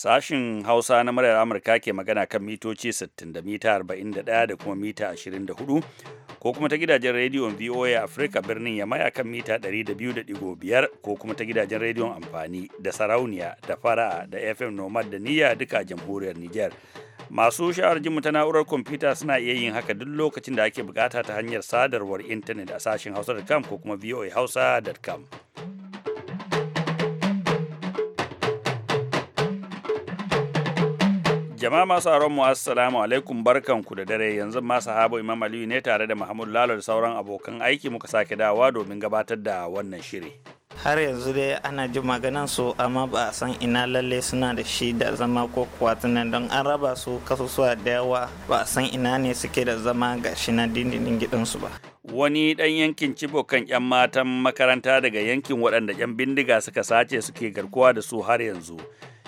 Sashin Hausa na muryar Amurka ke magana kan mitoci 60 da mita 41 da kuma mita 24 ko kuma ta gidajen rediyon VOA Africa birnin Yamaya kan mita 200.5 ko kuma ta gidajen rediyon amfani da sarauniya da fara'a da FM Nomad da niyya duka jamhuriyar Nijar. Masu sha'ar mu ta na'urar kwamfuta suna iya yin haka duk lokacin da ake bukata ta hanyar sadarwar intanet a sashin hausa.com ko kuma voahausa.com. Jama'a masu aron mu assalamu alaikum barkanku da dare yanzu ma sahabo Imam Aliyu ne tare da Mahmud Lalo da sauran abokan aiki muka sake dawa domin gabatar da wannan shiri. Har yanzu dai ana ji maganan su amma ba a san ina lalle suna da shi da zama ko kuwa tunan don an raba su kasusuwa da yawa ba a san ina ne suke da zama ga shi na dindindin gidansu ba. Wani ɗan yankin Cibo kan 'yan matan makaranta daga yankin waɗanda 'yan bindiga suka sace suke garkuwa da su har yanzu.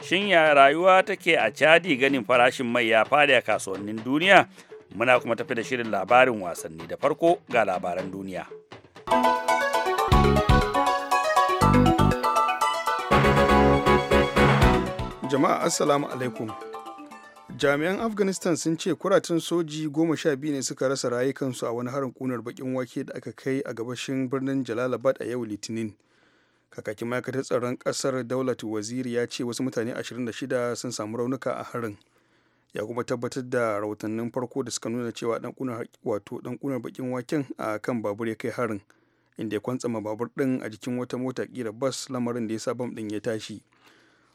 Shin ya rayuwa take a Chadi ganin farashin mai ya fada a kasuwannin duniya? Muna kuma tafi da shirin labarin wasanni da farko ga labaran duniya. Jama'a Assalamu alaikum. Jami'an Afghanistan sun ce kuratun soji goma sha biyu ne suka rasa rayukansu a wani harin kunar bakin wake da aka kai a gabashin birnin Jalalabad a yau Litinin. kakakin ma'aikatar tsaron kasar daulat waziri ya ce wasu mutane 26 sun samu raunuka a harin ya kuma tabbatar da rahotannin farko da suka nuna cewa dan kunar bakin waken a kan babur ya kai harin inda ya kwantsama babur din a jikin wata mota kira bas lamarin da ya sa bam din ya tashi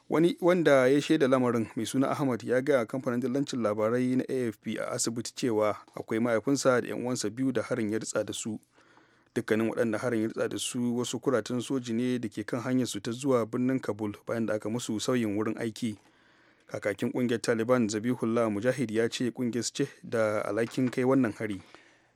wani wanda ya shaida lamarin mai suna ahmad ya ga kamfanin dillancin labarai na afp a asibiti cewa akwai mahaifinsa da 'yan uwansa biyu da harin ya ritsa da su dukkanin waɗanda harin ya da su wasu kuratan soji ne da ke kan hanyar su ta zuwa birnin kabul bayan da aka musu sauyin wurin aiki kakakin kungiyar taliban zabihullah mujahid ya ce kungiyar ce da alakin kai wannan hari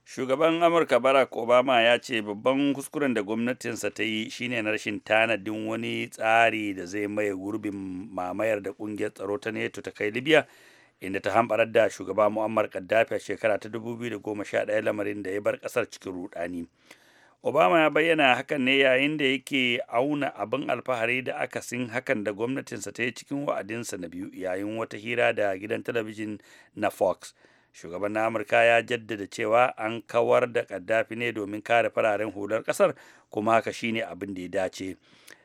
shugaban amurka barack obama ya ce babban kuskuren da gwamnatinsa ta yi shine na rashin tanadin wani tsari da zai maye gurbin mamayar da kungiyar tsaro ta neto ta kai libya inda ta hambarar da shugaba muammar gaddafi a shekara ta 2011 lamarin da ya bar kasar cikin rudani. obama ya bayyana hakan ne yayin da yake auna abin alfahari da aka sin hakan da gwamnatinsa ta yi cikin wa'adinsa na biyu yayin wata hira da gidan talabijin na fox shugaban amurka ya jaddada cewa an kawar da kaddafi ne domin kare fararen hular kasar kuma haka shine abin da ya dace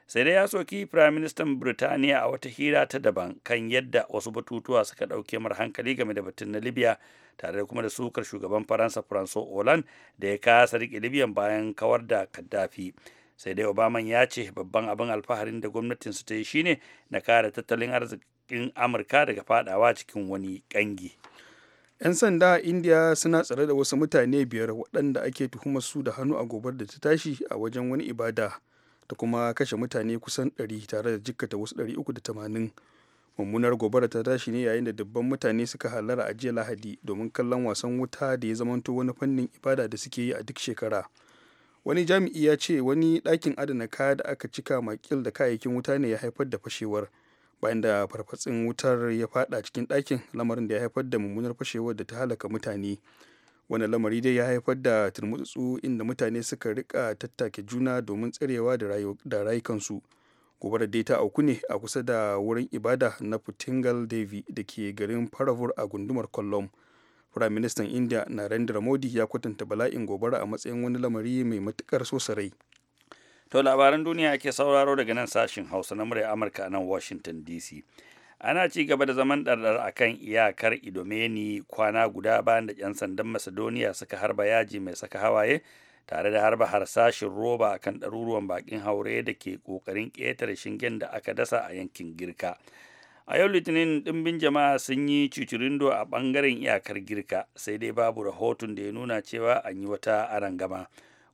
sai dai ya soki firaministan birtaniya a wata hira ta daban kan yadda wasu batutuwa suka ɗauke mar hankali game da batun na libya tare da kuma da sukar shugaban faransa franco hollande da ya kasa rike libya bayan kawar da kaddafi sai dai obama ya ce babban abin alfaharin da gwamnatinsu ta yi shine na kare tattalin arzikin amurka daga fadawa cikin wani kangi 'yan sanda a indiya suna tsare da wasu mutane biyar waɗanda ake tuhumar su da hannu a gobar da ta tashi a wajen wani ibada ta kuma kashe mutane kusan 100 tare da jikkata wasu 380 mummunar gobara ta tashi ne yayin da dubban mutane suka halara a jiya lahadi domin kallon wasan wuta da ya zamanto wani fannin ibada da suke yi a duk shekara wani jami'i ya ce wani ɗakin adana kaya da aka cika makil da kayayyakin wuta ne ya haifar da fashewar bayan da farfatsin wutar ya fada cikin ɗakin lamarin da ya haifar da mummunar fashewar da ta halaka mutane wani lamari dai ya haifar da turmutsu inda mutane suka rika tattake juna domin tsarewa da rayukansu gobarar dai ta auku ne a kusa da wurin ibada na putingal devi da ke garin faravur a gundumar kollom firayim ministan india narendra modi ya kwatanta bala'in gobara a matsayin wani lamari mai matukar sosarai to labaran duniya ke sauraro daga nan sashin hausa na murya amurka nan washington dc ana ci gaba da zaman ɗarɗar a kan iyakar idomeni kwana guda bayan da 'yan sandan macedonia suka harba yaji mai saka hawaye tare da harba harsashin roba akan ɗaruruwan baƙin haure da ke ƙoƙarin ƙetare shingen da aka dasa a yankin girka a yau litinin ɗimbin jama'a sun yi cucurindo a ɓangaren iyakar girka sai dai babu rahoton da ya nuna cewa an yi wata arangama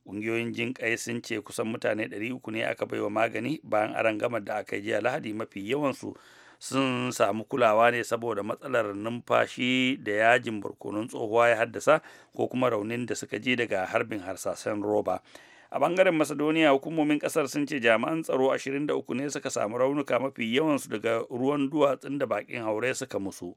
ƙungiyoyin ƙai sun ce kusan mutane 300 ne aka baiwa magani bayan arangamar da aka yi jiya lahadi mafi yawansu sun samu kulawa ne saboda matsalar numfashi da yajin barkonon tsohuwa ya haddasa ko kuma raunin da suka ji daga harbin harsasan roba a bangaren macedonia hukumomin kasar sun ce jami'an tsaro 23 ne suka samu raunuka mafi yawansu daga ruwan duwatsun da bakin haure suka musu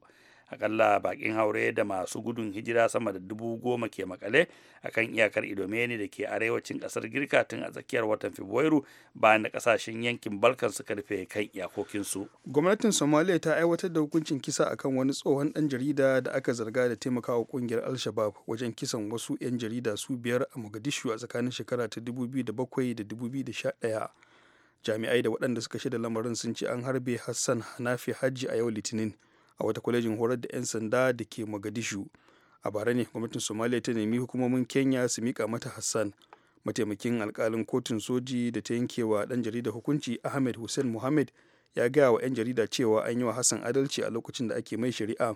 akalla bakin haure da masu gudun hijira sama da dubu goma ke makale a kan iyakar idomeni da ke arewacin kasar girka tun a tsakiyar watan fabrairu bayan da kasashen yankin balkan suka rufe kan iyakokinsu gwamnatin somalia ta aiwatar da hukuncin kisa akan wani tsohon dan jarida da aka zarga da taimakawa kungiyar al-shabab wajen kisan wasu 'yan jarida su biyar a mogadishu a tsakanin shekara ta 2007 da 2011 jami'ai da waɗanda suka shaida lamarin sun ce an harbe hassan hanafi hajji a yau litinin a wata kwalejin horar da 'yan sanda da ke mogadishu a bara ne gwamnatin somaliya ta nemi hukumomin kenya su mika mata hassan mataimakin alkalin kotun soji da ta yankewa ɗan dan jarida hukunci ahmed hussein muhammad ya gaya wa 'yan jarida cewa an yi wa hassan adalci a lokacin da ake mai shari'a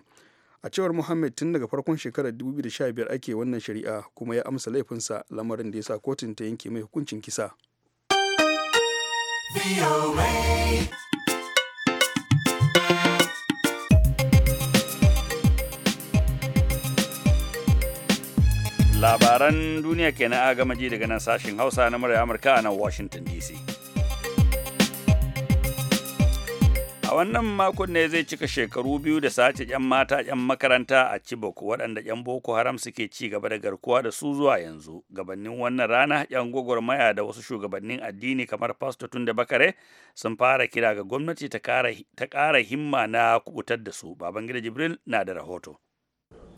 a cewar muhammad tun daga farkon shekarar 2015 ake wannan shari'a kuma ya amsa laifinsa lamarin da ya sa kotun ta yanke mai hukuncin kisa. labaran duniya kenan a gama ji daga nan sashen hausa na murya amurka a nan washington dc a wannan makon ne zai cika shekaru biyu da sace 'yan mata 'yan makaranta a Chibok waɗanda 'yan Boko Haram suke ci gaba da garkuwa da su zuwa yanzu gabannin wannan rana 'yan gwagwarmaya da wasu shugabannin addini kamar Pastor Tunde Bakare sun fara kira ga gwamnati ta ƙara himma na kubutar da su Babangida Jibril na da rahoto.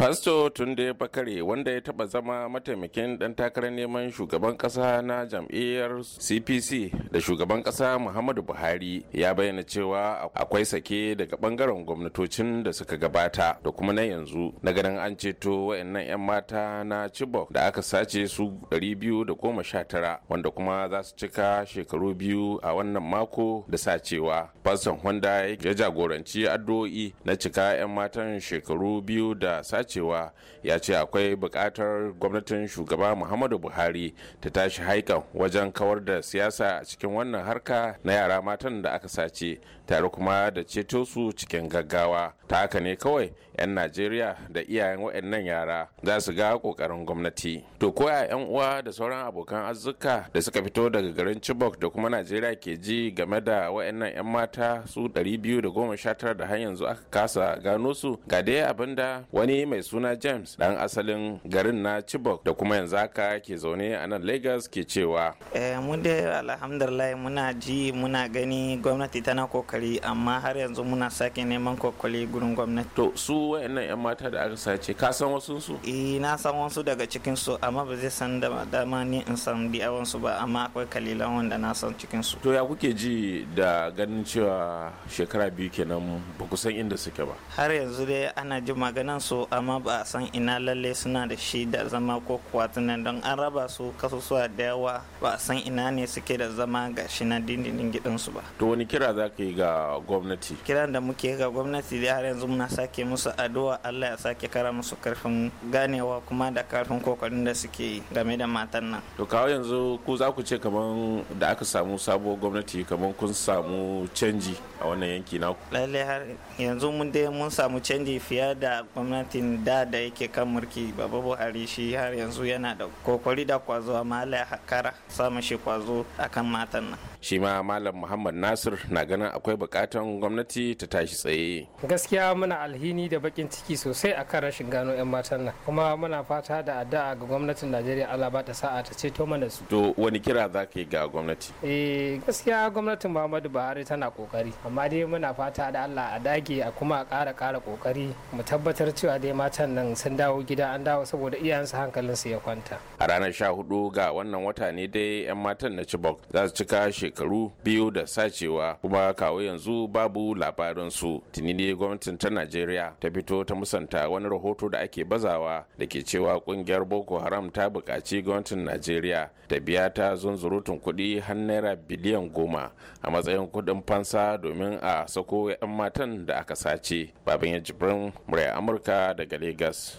Fasto Tunde Bakare wanda ya taba zama mataimakin dan takarar neman shugaban kasa na jam'iyyar CPC da shugaban kasa Muhammadu Buhari ya bayyana cewa akwai sake daga bangaren gwamnatocin da suka gabata da kuma na yanzu na ganin an ceto wayannan 'yan mata na Chibok da aka sace su 219 wanda kuma za su cika shekaru biyu a wannan mako da sacewa. pastor Honda ya jagoranci addu'o'i na cika 'yan matan shekaru biyu da sace cewa ya ce akwai bukatar gwamnatin shugaba muhammadu buhari ta tashi haikan wajen kawar da siyasa a cikin wannan harka na yara matan da aka sace tare kuma da ceto su cikin gaggawa ta haka ne kawai 'yan najeriya da iyayen waɗannan yara za su ga ƙoƙarin gwamnati to koya 'yan uwa da sauran abokan arzika da suka fito daga garin chibok da kuma najeriya ke ji game da waɗannan 'yan mata su 219 da har yanzu aka kasa gano su ga dai abinda wani mai suna james dan asalin garin na chibok da kuma yanzu aka ke zaune a nan lagos ke cewa eh, mu dai alhamdulillah muna ji muna gani gwamnati tana kokarin kokari amma har yanzu muna sake neman kokari gurin gwamnati to su wayannan yan mata da aka sace ka san wasu su eh na san wasu daga cikin su amma ba zai san da dama ni in san di awan su ba amma akwai kalilan wanda na san cikin su to ya kuke ji da ganin cewa shekara biyu kenan ba ku san inda suke ba har yanzu dai ana ji maganan su amma ba a san ina lalle suna da shi da zama ko kuwa tunan don an raba su kasusuwa da yawa ba a san ina ne suke da zama ga shi na dindindin gidansu ba to wani kira za ka yi ga ga gwamnati kiran da muke ga gwamnati da har yanzu muna sake musu addu'a Allah ya sake kara musu karfin ganewa kuma da karfin kokarin da suke game da matan nan to kawo yanzu ku za ku ce kaman da aka samu sabuwar gwamnati kaman kun samu canji a wannan yanki naku lalle har yanzu mun dai mun samu canji fiye da gwamnatin da da yake kan mulki baba Buhari shi har yanzu yana da kokari da kwazo amma Allah ya kara samun shi kwazo akan matan nan shi ma malam muhammad nasir na ganin akwai bukatan gwamnati ta tashi tsaye gaskiya muna alhini da bakin ciki sosai akan rashin gano 'yan matan nan kuma muna fata da addu'a ga gwamnatin najeriya allah ba ta sa'a ta ceto mana su to wani kira za ka yi ga gwamnati eh gaskiya gwamnatin muhammadu buhari tana kokari amma dai muna fata da allah a dage a kuma a kara kara kokari mu tabbatar cewa dai matan nan sun dawo gida an dawo saboda iyayensu hankalinsu ya kwanta a ranar 14 ga wannan wata ne dai 'yan matan na chibok za su cika shekaru biyu da sacewa kuma kawo yanzu babu labarinsu tuni ne gwamnatin ta najeriya ta fito ta musanta wani rahoto da ake bazawa da ke cewa kungiyar boko haram ta buƙaci gwamnatin najeriya ta biya ta zunzurutun kuɗi har naira biliyan goma a matsayin kuɗin fansa domin a sako 'yan matan da aka sace baban ya jibrin amurka daga lagos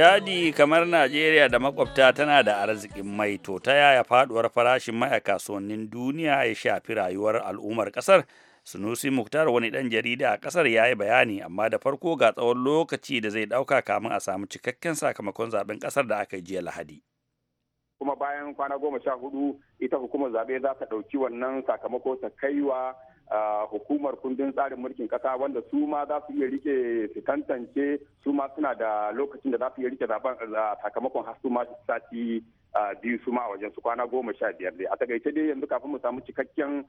Chadi kamar Najeriya da makwabta tana da arzikin mai to ta yaya faduwar farashin mai a kasuwannin duniya ya shafi rayuwar al'ummar kasar Sunusi Muktar wani dan jarida a kasar ya yi bayani amma da farko ga tsawon lokaci da zai dauka kamin a samu cikakken sakamakon zaben kasar da aka yi jiya Lahadi. Kuma bayan kwana goma sha hudu ita hukumar zaɓe za ta ɗauki wannan sakamako ta kaiwa hukumar kundin tsarin mulkin kasa wanda su ma za su iya rike su tantance su ma suna da lokacin da za su iya rike zaben sakamakon har su ma sati biyu su ma wajen su kwana goma sha biyar dai a takaice dai yanzu kafin mu samu cikakken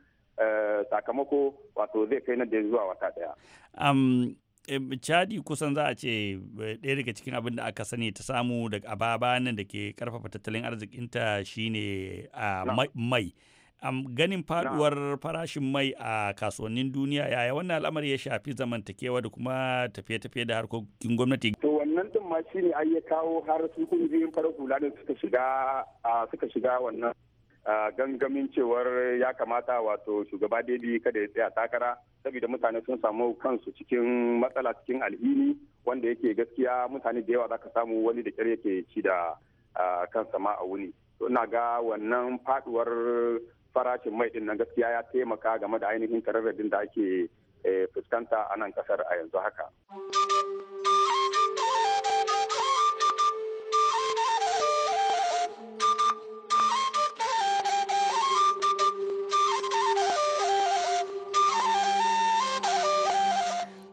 sakamako wato zai kai na da zuwa wata daya. Eh, chadi kusan za a ce eh, ɗaya daga cikin abin da aka sani ta samu daga ababa nan da ke karfafa tattalin arzikinta shine a mai ganin faduwar farashin mai a kasuwannin duniya yaya wannan al'amari ya shafi zamantakewa da kuma tafiye-tafiye da harkokin gwamnati. To wannan din ma shi ne ya kawo har su yi farar hula ne suka shiga shiga wannan gangamin cewar ya kamata wato shugaba daidai kada ya tsaya takara saboda mutane sun samu kansu cikin matsala cikin alhini wanda yake gaskiya mutane da yawa za ka samu wani da kyar yake ci da kansa ma a wuni. ina ga wannan faduwar farashin mai din nan gaskiya ya taimaka game da ainihin kararradin da ake eh, fuskanta a nan kasar a yanzu haka.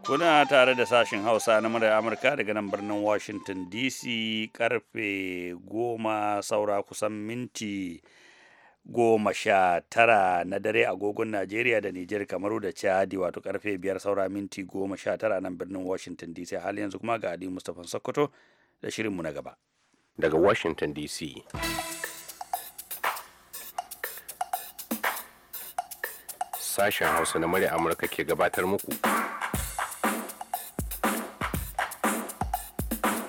Kuna tare da sashen Hausa na murar Amurka daga nan birnin Washington DC karfe goma saura kusan minti goma sha tara na dare agogon Najeriya da Nijar kamaru da Chadi wato karfe biyar saura minti goma sha tara nan birnin Washington DC hali yanzu kuma ga Adi Mustapha Sokoto da shirinmu na gaba. Daga Washington DC. Sashen Hausa na murya Amurka ke gabatar muku.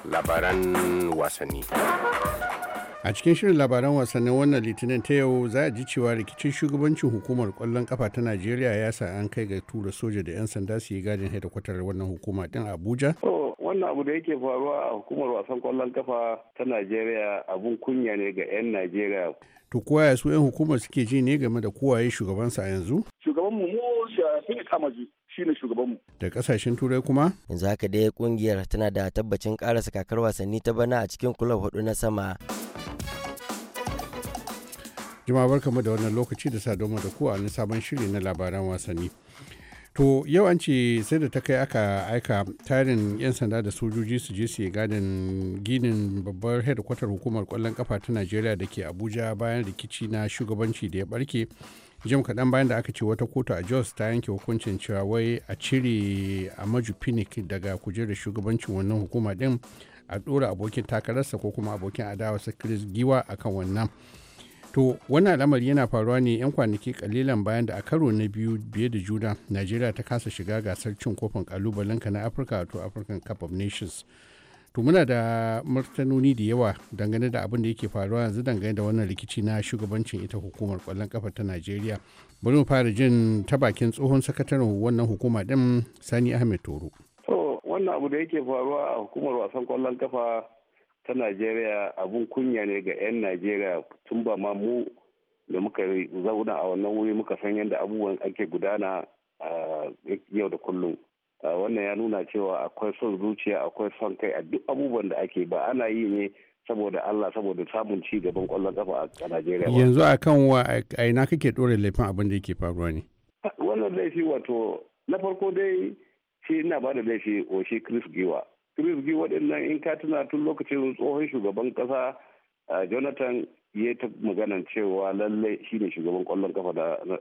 Labaran wasanni. a cikin shirin labaran wasannin wannan litinin ta yau za a ji cewa rikicin shugabancin hukumar kwallon kafa ta najeriya ya sa an kai ga tura soja da 'yan sanda su yi gadin hedikwatar wannan hukuma din abuja wannan abu da yake faruwa a hukumar wasan kwallon kafa ta najeriya abun kunya ne ga 'yan najeriya to kowa ya su 'yan hukumar suke ji ne game da kowaye shugabansa yanzu shugabanmu mu shi kamaji shi ne shugabanmu. Da kasashen turai kuma? Yanzu haka dai kungiyar tana da tabbacin karasa kakar wasanni ta bana a cikin kulob hudu na sama. Jama'a barkamu da wannan lokaci da doma da kuwa na sabon shiri na labaran wasanni. To yau an ce sai da ta kai aka aika tarin 'yan sanda da sojoji su je su gadin ginin babbar hedikwatar hukumar kwallon kafa ta Najeriya da ke Abuja bayan rikici na shugabanci da ya barke. Jim kaɗan bayan da aka ce wata kotu a Jos ta yanke hukuncin cewa wai a cire a maju Pinnick daga kujerar shugabancin wannan hukuma din a ɗora abokin takararsa ko kuma abokin adawarsa Chris Giwa akan wannan. To, wannan al'amari yana faruwa ne 'yan kwanaki kalilan bayan da a karo na biyu biye da juna, Najeriya ta kasa shiga gasar cin kofin kalubalenka na Afirka to African Cup of Nations. To muna da martanoni da yawa dangane da abin da yake faruwa yanzu dangane da wannan rikici na shugabancin ita hukumar kwallon kafa ta Najeriya. Bari mu fara jin ta bakin tsohon sakataren wannan hukuma din Sani Ahmed Toro. To, wannan abu da yake faruwa a hukumar wasan kwallon kafa ta najeriya abun kunya ne ga 'yan najeriya tun ba ma mu da muka zauna a wannan wuri muka san yadda abubuwan ake gudana a yau da kullum wannan ya nuna cewa akwai son zuciya akwai son kai a duk abubuwan da ake ba ana yi ne saboda Allah saboda samun ci gaban kwallon kafa a Najeriya. Yanzu a kan wa a ina kake ɗora laifin abin da yake faruwa ne? Wannan laifi wato na farko dai shi ina ba da laifi o shi Chris Giwa chris gi waɗannan in ka tuna tun lokacin tsohon shugaban ƙasa jonathan ya ta maganan cewa lallai shine shugaban kwallon kafa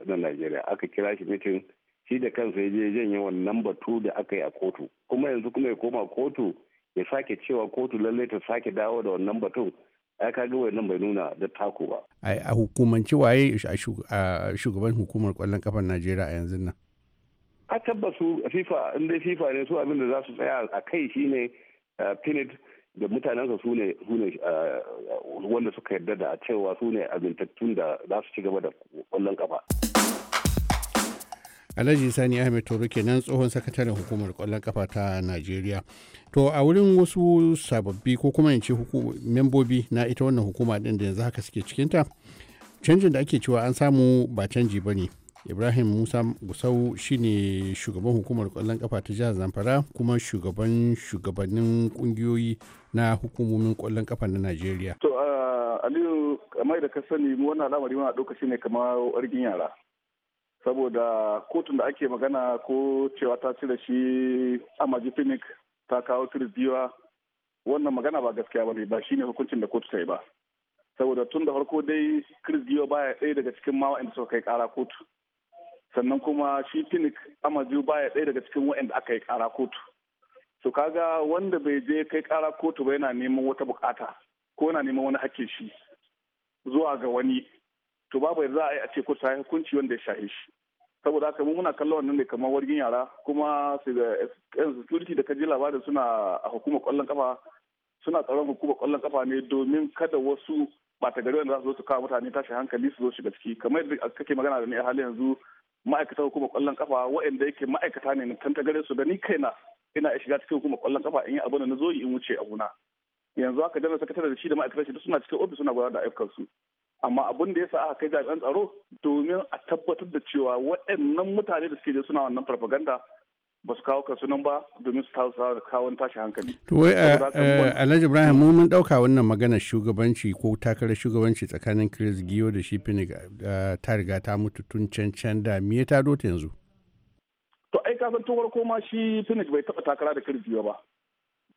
na najeriya aka kira shi mitin shi da kansa ya je janye wannan batu da aka yi a kotu kuma yanzu kuma ya koma kotu ya sake cewa kotu lallai ta sake dawo da wannan batun ai kaga wannan bai nuna da taku ba a hukumance waye a shugaban hukumar kwallon kafar najeriya a yanzu nan a tabbasu fifa in fifa ne su abin da za su tsaya a kai shine pinit da mutanensa su ne wanda suka yarda da cewa su ne abintattun da za su ci gaba da kwallon kafa. Alhaji Sani Ahmed Toro kenan tsohon sakataren hukumar kwallon kafa ta Najeriya. To a wurin wasu sababbi ko kuma in ce membobi na ita wannan hukuma din da yanzu haka suke cikinta. Canjin da ake cewa an samu ba canji ba ne. ibrahim musa gusau shine shugaban hukumar kwallon kafa ta jihar zamfara kuma shugaban shugabannin kungiyoyi na hukumomin kwallon kafa na najeriya to aliyu kamar da ka sani mu wannan al'amari muna ɗauka shine kamar wargin yara saboda kotun da ake magana ko cewa ta cire shi amaji phoenix ta kawo kirziwa wannan magana ba gaskiya ba ne ba shine hukuncin da kotu ta yi ba saboda tun da farko dai giyo baya ɗaya daga cikin mawa inda suka kai kara kotu sannan kuma shi tinik amaju baya ɗaya daga cikin waɗanda aka yi ƙara kotu to kaga wanda bai je kai ƙara kotu ba yana neman wata bukata ko yana neman wani hakkin shi zuwa ga wani to babu za a yi a ce ko ta hukunci wanda ya shahe shi saboda haka mu muna kallon wannan ne kamar wargin yara kuma su da security da kaji labarin suna a hukumar kwallon kafa suna tsaron hukumar kwallon kafa ne domin kada wasu ba ta gari wanda za su zo su kawo mutane tashi hankali su zo shiga ciki kamar yadda kake magana da ni a halin yanzu ma'aikatan hukumar kwallon kafa waɗanda yake ma'aikata ne na ta gare su da ni kaina ina shiga cikin hukumar kwallon kafa in yi abu da na zo in wuce a wuna yanzu haka jami'a sakatare da shi da ma'aikatan shi suna cikin ofis suna gudanar da su amma abin da ya sa aka kai jami'an tsaro domin a tabbatar da cewa waɗannan mutane da suke suna wannan farfaganda ba su kawo kasunan ba domin su kawo kawon tashi hankali. Wai eh, eh, Alhaji Ibrahim mu mun dauka wannan maganar shugabanci ko takarar shugabanci tsakanin Chris Giyo da shi Finnick eh, ta riga ta mutu tun can can da me ya tado ta yanzu? To ai kasan tun farko shi Finnick bai taba takara da Chris Giyo ba.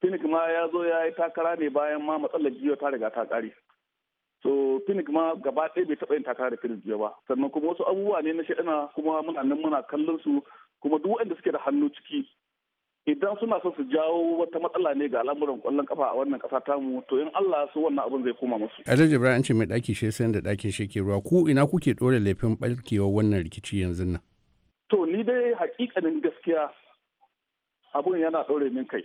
Finnick ma ya zo ya yi takara ne bayan ma matsalar Giyo ta riga ta kare. so finik ma gaba ɗaya bai taba yin takara da Giyo ba sannan kuma wasu abubuwa ne na shaɗana kuma muna nan muna kallon su kuma duk waɗanda suke da hannu ciki idan suna son su jawo wata matsala ne ga al'amuran kwallon kafa a wannan kasa tamu to in Allah su wannan abin zai koma musu. Adam Jibrin an ce mai ɗaki shi san da ɗakin shi ke ruwa ku ina kuke ɗora laifin ɓarkewar wannan rikici yanzu nan. To ni dai haƙiƙanin gaskiya abun yana ɗore min kai.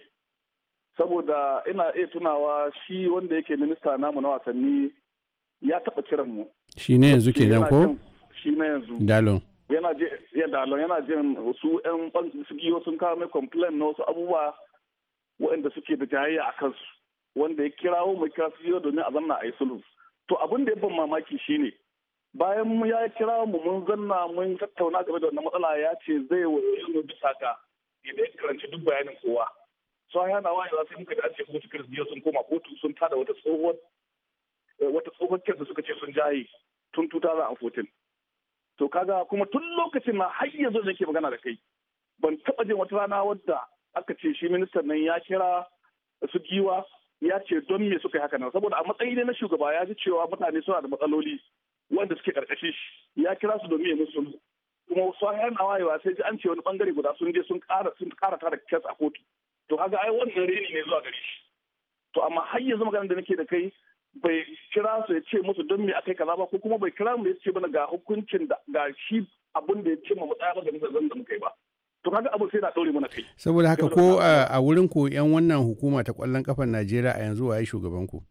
Saboda ina iya tunawa shi wanda yake minista namu na wasanni ya taɓa kiran mu. Shi ne yanzu kenan ko? Shi ne yanzu. Dalon. yana je ya dalon yana je su yan sigiyo sun kawo mai complain na wasu abubuwa waɗanda suke da jayayya a kansu wanda ya kirawo mai kira sigiyo domin a zanna a yi sulhu to abin da ya ban mamaki shine bayan mu ya kira mu mun zanna mun tattauna game da wannan matsala ya ce zai wani mu bisa ga idan ya karanci duk bayanin kowa so ya na wayewa sai muka da an kuma su kirsiyo sun koma kotu sun tada wata tsohon eh, wata tsohon da suka ce sun jaye tun 2014 to kaga kuma tun lokacin na har yanzu da ke magana da kai ban taba jin wata rana wadda aka ce shi ministan nan ya kira su giwa ya ce don me suka yi haka nan saboda a matsayi ne na shugaba ya ji cewa mutane suna da matsaloli wanda suke karkashin shi ya kira su domin ya musu kuma wasu hanyar na wayewa sai ji an ce wani bangare guda sun je sun kara sun kara tara kes a kotu to kaga ai wannan reni ne zuwa gare shi to amma har yanzu maganar da nake da kai bai kira su ya ce musu don me akai kaza ba ko kuma bai kira mu ya ce mana ga hukuncin da ga shi abin da ya ce mu tsaya ba da muka muka yi ba to kaga abu sai na ɗaure mana kai saboda haka ko a wurin ku yan wannan hukuma ta kwallon kafar Najeriya a yanzu waye shugaban ku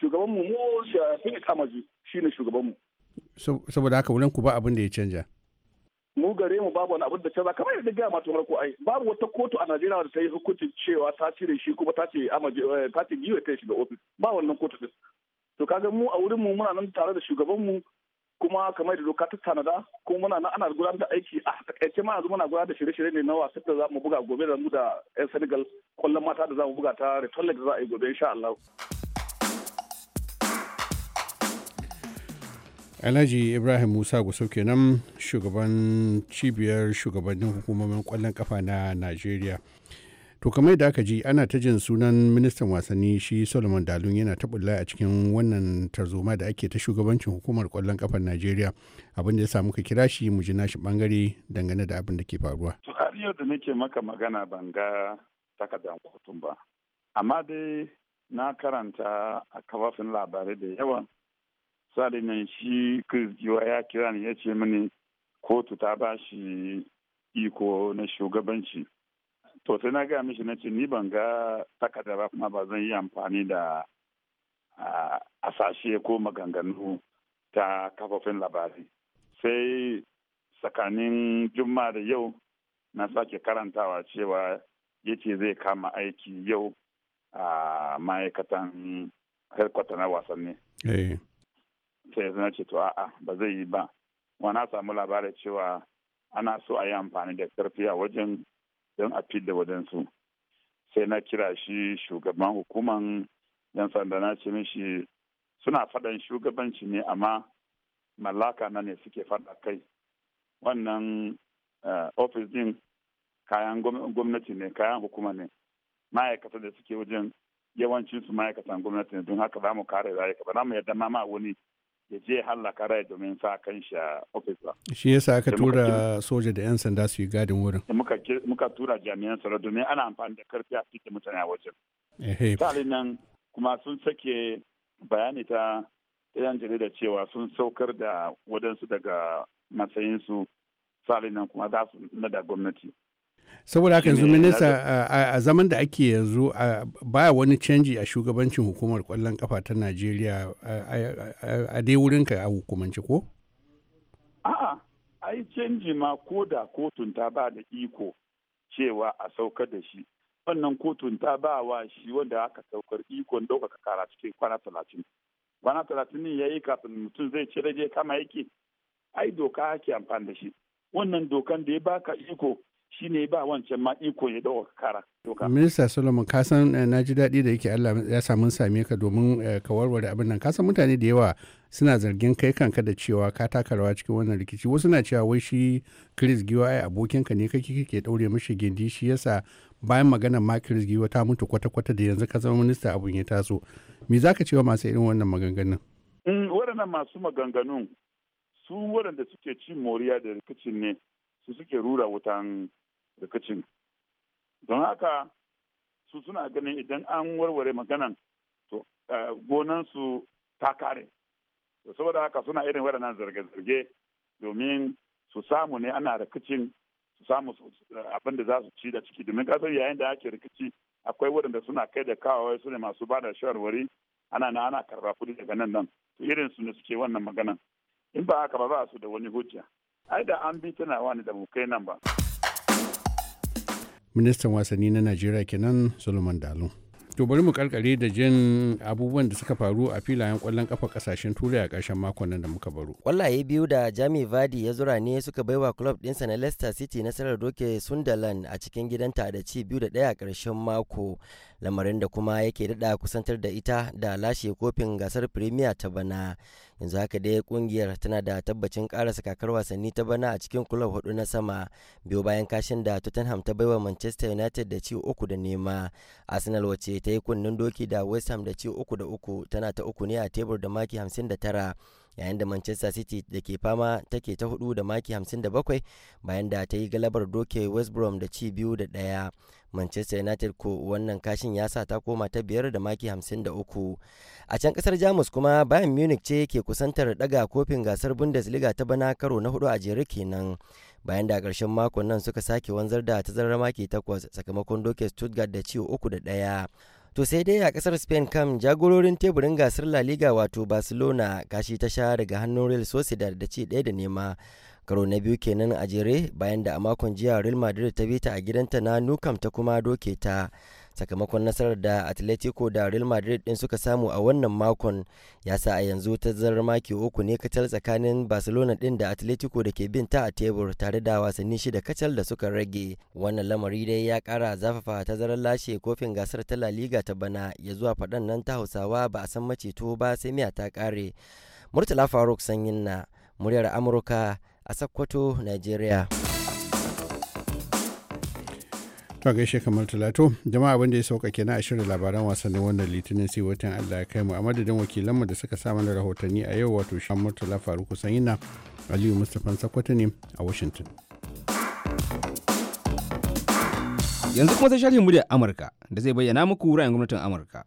shugaban mu mu shi ne kamaji shine shugaban mu saboda haka wurin ku ba abin da ya canja mu gare mu babu wani abin da canza kamar yadda gaya mata ko ai babu wata kotu a Najeriya da ta yi hukuncin cewa ta cire shi kuma ta ce eh, ta ce giwe ta shiga ofis ba wannan kotu din to kaga mu a wurin mu muna nan tare da shugaban mu kuma kamar da doka ta tanada kuma muna nan ana gudanar da aiki a takaice ma yanzu muna gudanar da shirye-shirye ne na wasan da za mu buga gobe da mu da 'yan Senegal kwallon mata da za mu buga ta Retolic da za a yi gobe insha Allah. alhaji ibrahim musa gusau kenan shugaban cibiyar shugabannin hukumomin kwallon kafa na najeriya to kamar da aka ji ana ta jin sunan ministan wasanni shi solomon dalun yana taɓulla a cikin wannan tarzoma da ake ta shugabancin hukumar kwallon kafar najeriya abin da ya samu ka kira shi mu ji nashi bangare dangane da abin da ke faruwa to har yau da nake maka magana ban ga takardar kotun ba amma dai na karanta a kafafin labarai da yawa sa'adin shi kirgiwa ya kira ni ya ce mini kotu ta ba shi iko na shugabanci to sai na ga mishi na ce ni ban ga takarda ba kuma ba zan yi amfani da asashe ko maganganu ta kafofin labari sai tsakanin juma da yau na sake karantawa cewa yake zai kama aiki yau a ma'aikatan harkwata na wasanni. Eh. sai yanzu ce to a'a ba zai yi ba kuma na samu labarin cewa ana so a yi amfani da karfi a wajen don a fidda wajensu sai na kira shi shugaban hukuman yan sanda na ce mishi suna faɗan shugabanci ne amma mallaka na ne suke faɗa kai wannan eh, ofis din kayan gwamnati ne kayan hukuma ne ma'aikata da suke wajen yawancin su ma'aikatan gwamnati ne don haka za mu kare rayuka ba za mu yadda ma wani ya je hallaka rai domin sa kan shi a ofisa. Shi ya sa aka tura soja da 'yan sanda su yi gadin wurin. Muka tura jami'an tsaro domin ana amfani da karfi a cikin mutane a wajen. Salin nan kuma sun sake bayani ta yan jarida cewa sun saukar da wadansu daga matsayinsu salin nan kuma za su nada gwamnati. saboda haka yanzu minista a zaman da ake yanzu ba wani canji a shugabancin hukumar kwallon kafa ta najeriya a dai ka a hukumance ko a'a ai canji ma ko da kotun ta ba da iko cewa a saukar da shi wannan kotun ta ba wa shi wanda aka saukar ikon ɗaukaka kara cikin kwana talatin kwana talatin ne ya yi kafin mutum zai cire je kama yake ai doka ake amfani da shi wannan dokan da ya baka iko shine ba wancan ma iko ya dawo kara doka. Minista Solomon ka san eh, na ji daɗi da yake Allah ya samu same ka domin eh, ka warware abin nan. Ka san mutane da yawa suna zargin kai kanka da cewa ka taka rawa cikin wannan rikici. Wasu na cewa wai shi kiris Giwa ai abokinka ne kake kike daure mishi gindi shi yasa bayan magana ma Chris Giwa ta mutu kwata-kwata da yanzu ka zama minista abun ya taso. Me zaka cewa masu irin wannan maganganun? Mm, waɗannan masu maganganun su waɗanda suke cin moriya da rikicin ne su suke rura wutan rikicin don haka su suna ganin idan an warware maganan to eh, gonansu ta kare saboda haka suna irin waɗannan zarge-zarge domin su samu ne ana rikicin su samu abin da za su ci da ciki domin kasar yayin da ake rikici akwai waɗanda suna kai da kawo su ne masu ba da shawarwari ana na ana karɓa kuɗi daga nan nan to irin su ne suke wannan magana in ba haka ba ba su da wani hujja ai da an bi tana wani da mukai nan ba. ministan wasanni na najeriya kenan solomon dalun to bari mu karkare da jin abubuwan da suka faru a filayen kwallon kafa kasashen turai a ƙarshen makon nan da muka baro kwallaye biyu da jami vadi ya zura ne suka baiwa club ɗinsa na leicester city nasarar doke sunderland a cikin gidanta da ci biyu da ɗaya a ƙarshen mako lamarin da kuma yake daɗa kusantar da ita da lashe kofin gasar firimiya ta bana yanzu haka dai kungiyar tana da tabbacin karasa kakar wasanni ta bana a cikin kulob hudu na sama biyu bayan kashin da tottenham ta baiwa manchester united da ci uku da nema arsenal wace ta yi kunnen doki da west ham da ci uku da uku tana ta uku ne a tebur da maki hamsin da tara yayin da manchester city da ke fama take ta hudu da maki 57 bayan da ta yi galabar doke west brom da ci biyu da daya manchester united ko wannan kashin ya sa ta koma ta biyar da maki 53 a can kasar jamus kuma bayan munich ce ke kusantar daga kofin gasar bundesliga ta bana karo na hudu a jere kenan bayan da ƙarshen makon nan suka sake wanzar da ta tazarar maki takwas sakamakon doke stuttgart da ciwo uku da ɗaya To sai dai a kasar Spain kam jagororin teburin gasar La Liga wato Barcelona kashi ta sha daga hannun Real Sociedad da ci ɗaya da nema. Karo na biyu kenan a jere bayan da a makon jiya Real Madrid ta bi ta a gidanta na Nukam ta kuma doke ta. sakamakon nasarar da atletico da real madrid din suka samu a wannan makon ya sa a yanzu tazarar maki uku ne kacal tsakanin barcelona din da atletico da ke bin ta a tebur tare da wasanni shida kacal da suka rage wannan lamari dai ya kara zafafa tazarar lashe kofin gasar ta la ta bana ya zuwa faɗan nan ta hausawa ba a san maceto ba sai miya ta kare murtala faruk sanyin na muryar amurka a sakkwato nigeria To gaishe kamar talato jama'a abin da ya sauka kenan a shirin labaran wasannin wannan litinin sai watan Allah ya kai mu a madadin wakilanmu da suka samu da rahotanni a yau wato shan murtala faruku sanyina Aliyu Mustapha sakwata ne a Washington. Yanzu kuma sai sharhin muryar Amurka da zai bayyana muku ra'ayin gwamnatin Amurka.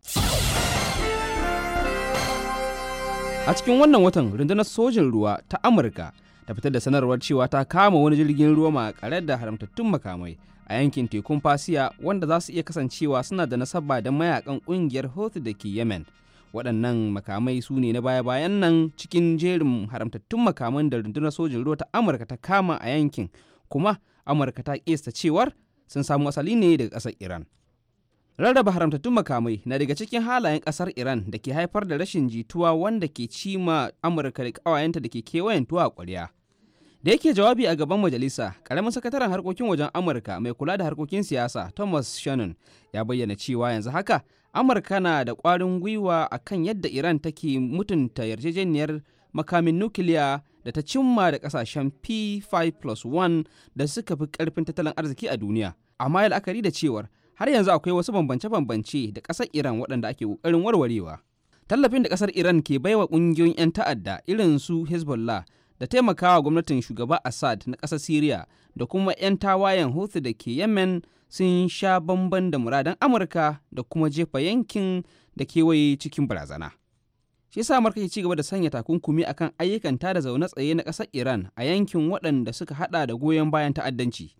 A cikin wannan watan rundunar sojin ruwa ta Amurka ta fitar da sanarwar cewa ta kama wani jirgin ruwa makare da haramtattun makamai a yankin tekun fasiya wanda za su iya kasancewa suna da nasaba da mayakan kungiyar houthi da ke yemen waɗannan makamai su ne na baya-bayan nan cikin jerin haramtattun makaman da rundunar sojin ruwa ta amurka ta kama a yankin kuma amurka ta kesta cewar sun samu asali ne daga ƙasar iran rarraba haramtattun makamai na daga cikin halayen ƙasar iran da ke haifar da rashin jituwa wanda ke cima amurka da ƙawayenta da ke kewayen tuwa a ƙwarya da yake jawabi a gaban majalisa karamin sakataren harkokin wajen amurka mai kula da harkokin siyasa thomas shannon ya bayyana cewa yanzu haka amurka na da kwarin gwiwa a kan yadda iran take mutunta yarjejeniyar makamin nukiliya da ta cimma da kasashen p5 plus 1 da suka fi karfin tattalin arziki a duniya amma ya la'akari da cewar har yanzu akwai wasu bambance-bambance da ƙasar iran waɗanda ake ƙoƙarin warwarewa tallafin da ƙasar iran ke baiwa ƙungiyoyin 'yan ta'adda irin su hezbollah da taimakawa gwamnatin shugaba Assad na ƙasar Siriya da kuma 'yan tawayen Houthi da ke Yemen sun sha bamban da muradan Amurka da kuma jefa yankin da kewaye cikin barazana. Shi yasa Amurka ke ci gaba da sanya takunkumi akan ayyukan tada zaune tsaye na ƙasar Iran a yankin waɗanda suka haɗa da goyon bayan ta'addanci.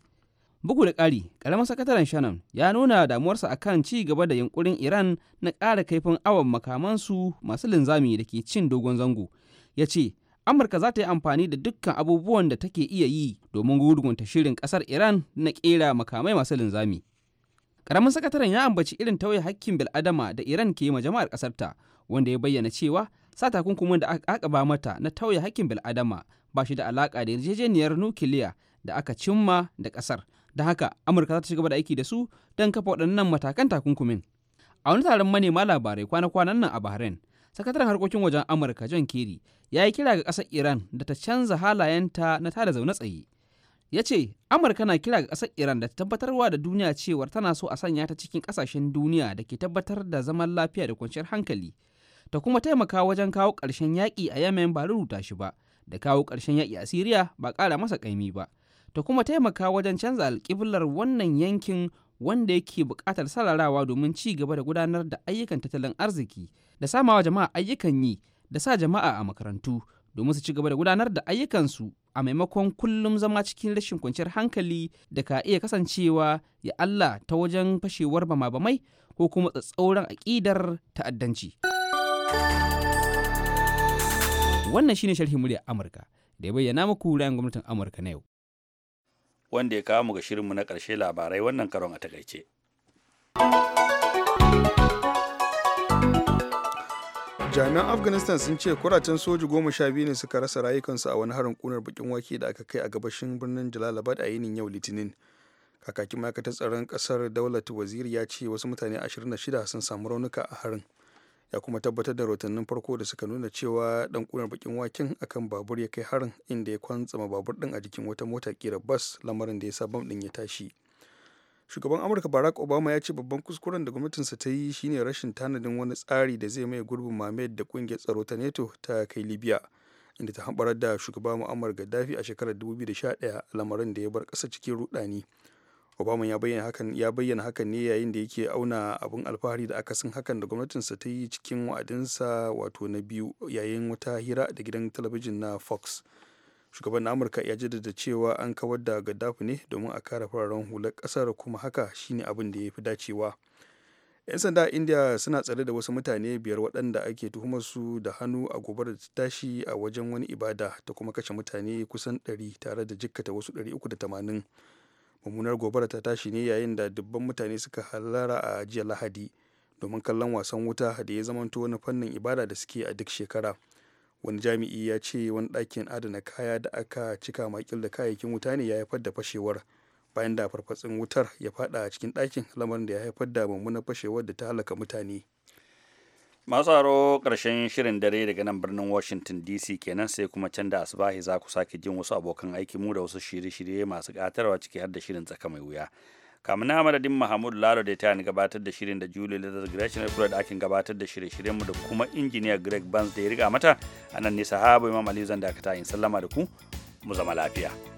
Bugu da ƙari, ƙaramin sakataren Shannon ya nuna damuwarsa akan ci gaba da yunkurin Iran na ƙara kaifin awon makamansu masu linzami da ke cin dogon zango. Ya ce, amurka za ta yi amfani da dukkan abubuwan da take iya yi domin gurgunta shirin kasar iran na kera makamai masu linzami ƙaramin sakataren ya ambaci irin tauye hakkin bil'adama da iran ke ma jama'ar kasarta wanda ya bayyana cewa sa takunkumin da aka ba mata na tauye hakkin bil'adama ba shi da alaka da yarjejeniyar nukiliya da aka cimma da ƙasar da haka amurka za ta ci gaba da aiki da su don kafa waɗannan matakan takunkumin a wani taron manema labarai kwana-kwanan nan a bahrain sakataren harkokin wajen amurka john kerry ya yi kira ga ƙasar iran da ta canza halayenta na tada zaune tsaye ya ce amurka na kira ga ƙasar iran da ta tabbatarwa da duniya cewar tana so a sanya ta cikin ƙasashen duniya da ke tabbatar da zaman lafiya da kwanciyar hankali ta kuma taimaka wajen kawo ƙarshen yaƙi a yamen ba rubuta shi ba da kawo ƙarshen yaƙi a siriya ba ƙara masa ƙaimi ba ta kuma taimaka wajen canza alƙiblar wannan yankin wanda yake buƙatar sararawa domin ci gaba da gudanar da ayyukan tattalin arziki da samawa jama'a ayyukan yi da sa jama'a a makarantu domin su ci gaba da gudanar da ayyukansu a maimakon kullum zama cikin rashin kwanciyar hankali da ka iya kasancewa ya Allah ta wajen fashewar bama-bamai ko kuma tsatsauran aƙidar ta'addanci. Wannan shine sharhi murya Amurka da ya bayyana muku rayan gwamnatin Amurka na yau. wanda ya kawo mu ga shirinmu na ƙarshe labarai wannan karon a takaice. jami'an afghanistan sun ce kuracen soji goma sha biyu ne suka rasa rayukansu a wani harin kunar bakin wake da aka kai a gabashin birnin jalalabad a yinin yau litinin kakakin ma'aikatar tsaron kasar daulat waziri ya ce wasu mutane 26 sun samu raunuka a harin ya kuma tabbatar da rotannin farko da suka nuna cewa dan kunar bakin waken akan babur ya kai harin inda ya kwantsama babur din a jikin wata mota kira bas lamarin da ya sa bam din ya tashi shugaban amurka barack obama ya ce babban kuskuren da gwamnatinsa ta yi shine rashin tanadin wani tsari da zai mai gurbin mamayar da kungiyar tsaro ta neto ta kai libya inda ta hambarar da shugaba mu'ammar gaddafi a shekarar 2011 lamarin da ya bar ƙasa cikin rudani obama ya bayyana hakan ya bayyana hakan ne yayin da yake auna abin alfahari da aka akasin hakan da gwamnatinsa ta yi cikin wa'adinsa wato na biyu yayin wata hira da gidan talabijin na fox shugaban amurka ya jaddada cewa an kawar da gaddafi ne domin a kare fararen hular kasar kuma haka shine abin da ya fi dacewa 'yan sanda a india suna tsare da wasu mutane biyar waɗanda ake tuhumar su da hannu a gobar da tashi a wajen wani ibada ta kuma kashe mutane kusan 100 tare da jikkata wasu 380 mummunar gobara ta tashi ne yayin da dubban mutane suka halara a jiya lahadi domin kallon wasan wuta da ya zamanto wani fannin ibada da suke a duk shekara wani jami'i ya ce wani ɗakin adana kaya da aka cika makil da kayayyakin wuta ne ya haifar da fashewar bayan da farfatsin wutar ya fada a cikin ɗakin lamarin da ya haifar da mummunar fashewar da ta halaka mutane masu ƙarshen shirin dare daga nan birnin washington dc kenan sai kuma can da asibahi za ku sake jin wasu abokan aiki mu da wasu shirye-shirye masu ƙatarwa ciki har da shirin tsaka mai wuya kamun na madadin mahamudu lalo da ta gabatar da shirin da julie leathers gresham kula da akin gabatar da shirye-shiryenmu da kuma injiniya greg burns da ya riga mata a nan ne sahaba imam aliyu zan dakata in sallama da ku mu zama lafiya